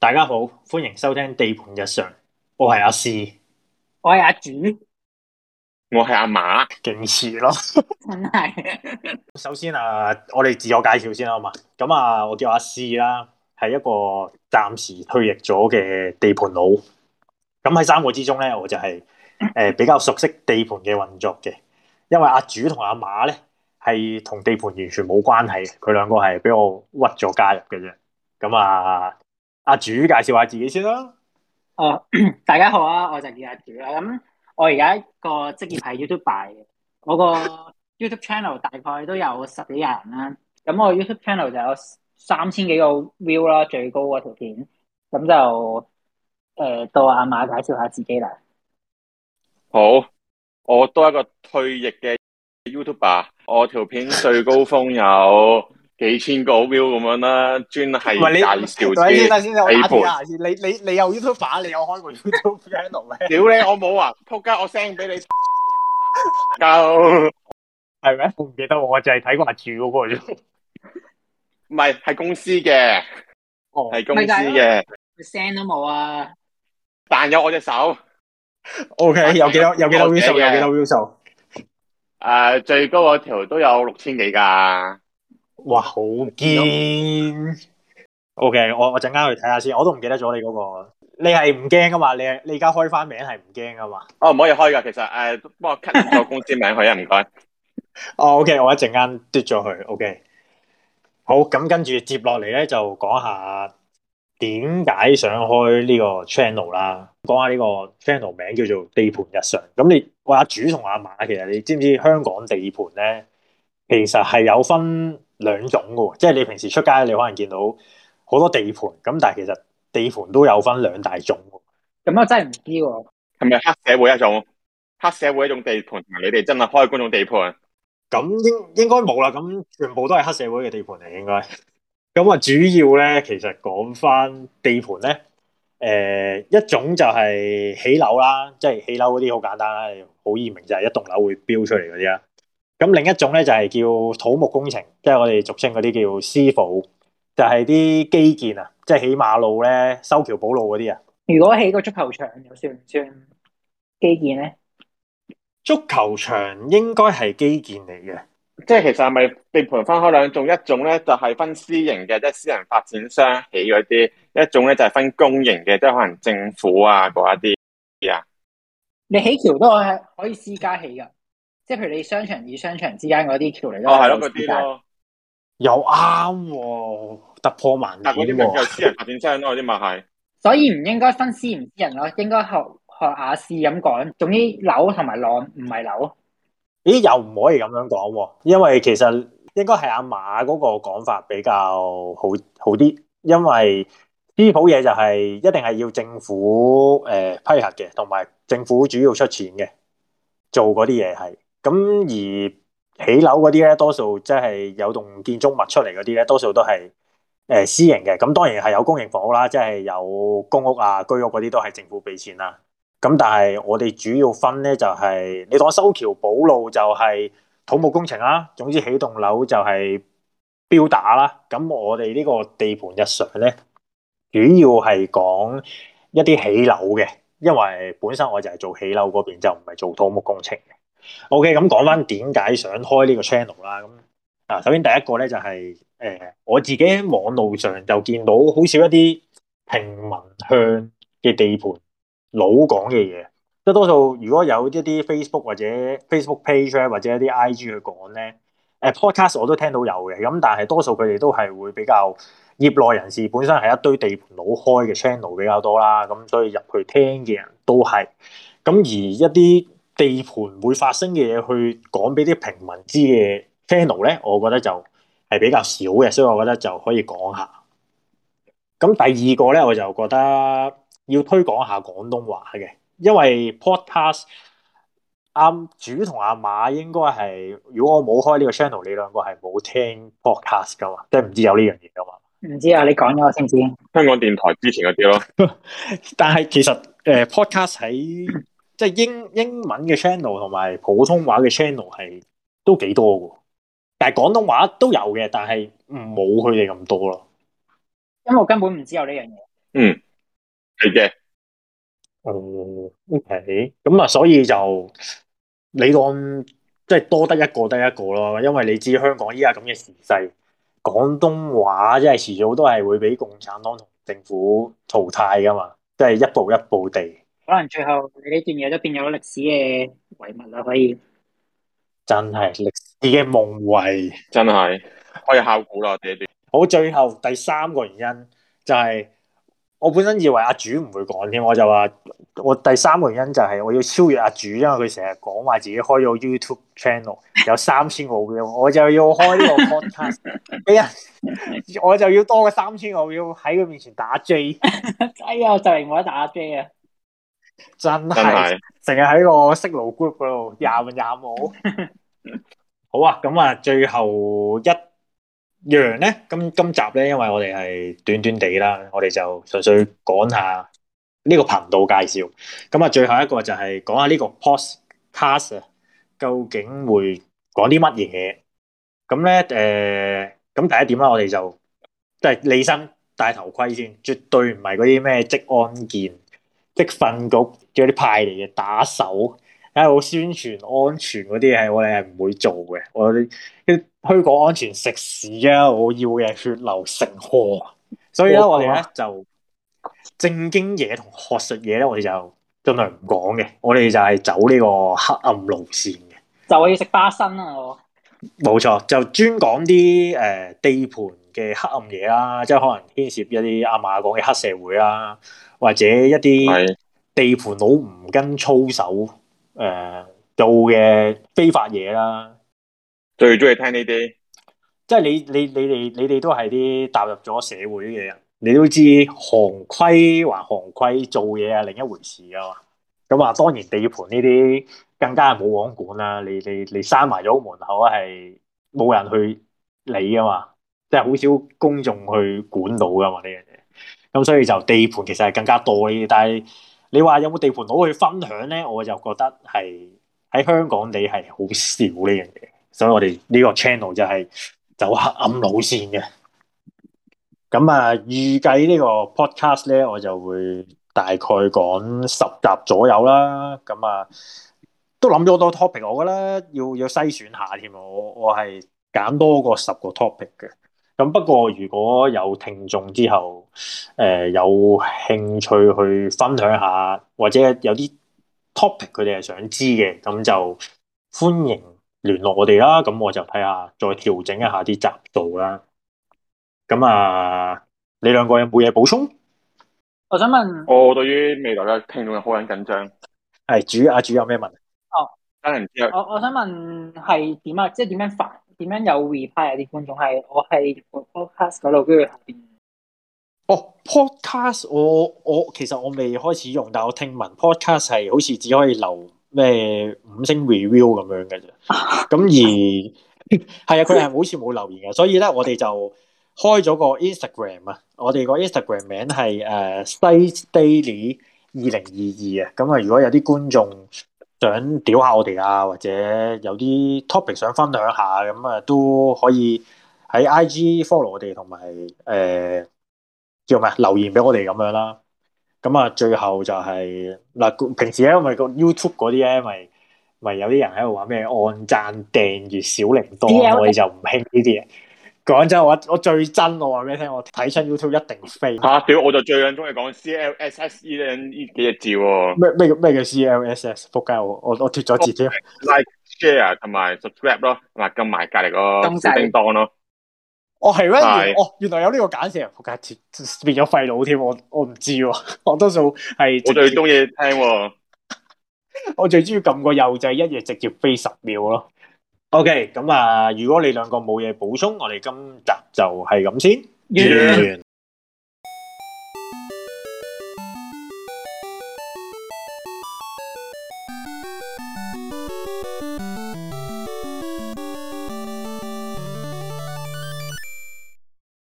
大家好，歡迎收聽地盤日常，我係阿師，我係阿主，我係阿馬，勁似咯， 真係的。 首先啊，我哋自我介紹先啦，好嘛？咁啊，我叫阿師啦，係一個暫時退役咗嘅地盤佬。咁喺三個之中咧，我就係，誒，呃，比較熟悉地盤嘅運作嘅，因為阿主同阿馬咧係同地盤完全冇關係嘅，佢兩個係俾我屈咗加入嘅啫。咁啊，阿主介紹下自己先啦。哦，大家好啊，我就叫阿主啦。咁我而家個職業係 YouTube 嘅，我個 YouTube channel 大概都有十幾人啦。咁我的 YouTube channel 就有三千幾個 view 啦，最高嗰條片。咁就。誒，到阿馬介紹下自己啦。好，我都係一個退役嘅 YouTuber，我條片最高峰有幾千個 view 咁樣啦，專係介紹啲 A 片。你等等等等你你，你有 YouTuber，你有開過 YouTube channel 屌 你，我冇啊！仆街，我 send 俾你，夠係咩？我唔記得，我淨係睇過阿柱嗰個啫。唔係，係公司嘅，係公司嘅，send 都冇啊！哦彈咗我隻手，OK，有幾多有幾多 view？有幾多 view，啊？誒、啊，最高嗰條都有六千幾㗎。哇，好堅！OK，我我陣間去睇下先，我都唔記得咗你嗰、那個。你係唔驚㗎嘛？你你而家開返名係唔驚㗎嘛？哦，唔可以開㗎，其實誒、呃，幫我 cut 個公司名佢啊，唔 該。哦、oh，OK，我一陣間篤咗佢。OK，好，咁跟住接落嚟咧，就講下。點解想開呢個 channel 啦？講下呢個 channel 名叫做地盤日常。咁你話阿主同阿馬，其實你知唔知香港地盤咧，其實係有分兩種嘅喎。即係你平時出街，你可能見到好多地盤，咁但係其實地盤都有分兩大種。咁我真係唔知喎。係咪黑社會一種？黑社會一種地盤，你哋真係開嗰種地盤？咁應應該冇啦。咁全部都係黑社會嘅地盤嚟，應該。咁啊，主要咧，其實講翻地盤咧，誒、呃，一種就係起樓啦，即係起樓嗰啲好簡單啦，好易明就係一棟樓會標出嚟嗰啲啦。咁另一種咧就係叫土木工程，即係我哋俗稱嗰啲叫師傅，就係、是、啲基建啊，即係起馬路咧、修橋補路嗰啲啊。如果起個足球場又算唔算基建咧？足球場應該係基建嚟嘅。即係其實係咪地盤分開兩種？一種咧就係分私營嘅，即係私人發展商起嗰啲；一種咧就係分公營嘅，即係可能政府啊嗰一啲。啊，你起橋都係可以私家起噶即係譬如你商場與商場之間嗰啲橋嚟都。哦，係咯，嗰啲咯，有啱、哦、突破萬點。但嗰啲人又私人發展商咯，啲咪係。所以唔應該分私唔私人咯，應該學學亞視咁講，總之樓同埋浪唔係樓。咦，又唔可以咁樣講，因為其實應該係阿馬嗰個講法比較好好啲，因為呢鋪嘢就係一定係要政府誒批核嘅，同埋政府主要出錢嘅做嗰啲嘢係。咁而起樓嗰啲咧，多數即係有棟建築物出嚟嗰啲咧，多數都係誒私營嘅。咁當然係有公營房屋啦，即係有公屋啊、居屋嗰啲都係政府俾錢啦。咁但係我哋主要分咧就係、是、你當修橋補路就係土木工程啦，總之起棟樓就係標打啦。咁我哋呢個地盤日常咧，主要係講一啲起樓嘅，因為本身我就係做起樓嗰邊，就唔係做土木工程嘅。OK，咁講返點解想開呢個 channel 啦？咁啊，首先第一個咧就係、是、誒，我自己喺網路上就見到好少一啲平民向嘅地盤。老講嘅嘢，即係多數如果有一啲 Facebook 或者 Facebook page 或者一啲 IG 去講咧，誒 Podcast 我都聽到有嘅，咁但係多數佢哋都係會比較業內人士本身係一堆地盤佬開嘅 channel 比較多啦，咁所以入去聽嘅人都係，咁而一啲地盤會發生嘅嘢去講俾啲平民知嘅 channel 咧，我覺得就係比較少嘅，所以我覺得就可以講下。咁第二個咧，我就覺得。要推廣下廣東話嘅，因為 podcast 主阿主同阿馬應該係，如果我冇開呢個 channel，你兩個係冇聽 podcast 㗎嘛？即係唔知有呢樣嘢㗎嘛？唔知啊，你講咗我先先。香港電台之前嗰啲咯， 但係其實誒 podcast 喺即係英英文嘅 channel 同埋普通話嘅 channel 係都幾多㗎，但係廣東話都有嘅，但係冇佢哋咁多咯。因為我根本唔知有呢樣嘢。嗯。係嘅，哦、嗯，OK，咁啊，所以就你當即係多得一個得一個咯，因為你知香港依家咁嘅時勢，廣東話即係遲早都係會俾共產黨同政府淘汰噶嘛，即係一步一步地，可能最後呢段嘢都變咗歷史嘅遺物啦，可以，真係歷史嘅夢遺，真係可以考古啦，呢段。好，最後第三個原因就係。我本身以為阿主唔會講添，我就話我第三個原因就係我要超越阿主，因為佢成日講話自己開咗 YouTube channel 有三千個嘅。我就要開呢個 podcast， 哎呀，我就要多個三千個要喺佢面前打 J， 哎呀，就冇得打 J 啊，真係成日喺個 Discord group 嗰度廿廿冇，好啊，咁啊，最後一。楊咧，今今集咧，因為我哋係短短地啦，我哋就純粹講下呢個頻道介紹。咁啊，最後一個就係講下呢個 Podcast 究竟會講啲乜嘢。咁咧，誒、呃，咁第一點啦，我哋就即係利申戴頭盔先，絕對唔係嗰啲咩職安健、職訓局嗰啲派嚟嘅打手，喺度宣傳安全嗰啲嘢，我哋係唔會做嘅。我哋推廣安全食屎啊！我要嘅血流成河。所以咧，我哋咧就正經嘢同學術嘢咧，我哋就盡量唔講嘅。我哋就係走呢個黑暗路線嘅。就可以食花生啊！我冇錯，就專講啲誒地盤嘅黑暗嘢啦，即、就、係、是、可能牽涉一啲阿嫲講嘅黑社會啦，或者一啲地盤佬唔跟操守誒、呃、做嘅非法嘢啦。最中意聽呢啲，即係你你你哋你哋都係啲踏入咗社會嘅人，你都知道行規還行規，做嘢係另一回事啊嘛。咁啊，當然地盤呢啲更加係冇人管啦。你你你閂埋咗門口係冇人去理啊嘛，即係好少公眾去管到噶嘛呢樣嘢。咁所以就地盤其實係更加多啲，但係你話有冇地盤佬去分享咧，我就覺得係喺香港你係好少呢樣嘢。所以我哋呢個 channel 就係走黑暗路線嘅。咁啊，預計呢個 podcast 咧，我就會大概講十集左右啦。咁啊，都諗咗好多 topic 我覺得咧，要要篩選下添。我我係揀多過十個 topic 嘅。咁不過，如果有聽眾之後誒、呃、有興趣去分享下，或者有啲 topic 佢哋係想知嘅，咁就歡迎。聯絡我哋啦，咁我就睇下再調整一下啲集度啦。咁啊，你兩個有冇嘢補充？我想問，我對於未來嘅聽眾好緊緊張。係主啊，主，主，主有咩問題？哦，真係我我想問係點啊？即係點樣發？點樣有 repeat 啲觀眾係我係 podcast 嗰度跟住下邊。哦，podcast 我我其實我未開始用，但我聽聞 podcast 係好似只可以留。咩五星 review 咁樣嘅啫，咁而係啊，佢哋係好似冇留言嘅，所以咧我哋就開咗個 Instagram 啊，我哋個 Instagram 名係誒 Stay Daily 二零二二啊，咁啊如果有啲觀眾想屌下我哋啊，或者有啲 topic 想分享下，咁啊都可以喺 IG follow 我哋同埋誒叫咩留言俾我哋咁樣啦。咁啊，最後就係、是、嗱，平時咧，因為個 YouTube 嗰啲，咧，咪咪有啲人喺度話咩按讚訂閱小鈴鐺」，我哋就唔興呢啲嘢。講真，我我最憎我我話俾你聽，我睇親 YouTube 一定飛。吓，屌！我就最癮中意講 C L S S E 呢幾隻字喎，啊。咩咩叫咩叫 C L S S？仆街我我脫咗字添。了了 Like、Share 同埋 Subscribe 咯，嗱，撳埋隔籬個小叮當咯。哦係咩？哦原來有呢個簡寫，佢介詞變咗廢佬添，我我唔知道，我多數係，我最中意聽，我最中意撳個幼仔，就是、一嘢直接飛十秒咯。OK，咁啊，如果你兩個冇嘢補充，我哋今集就係咁先。Yeah.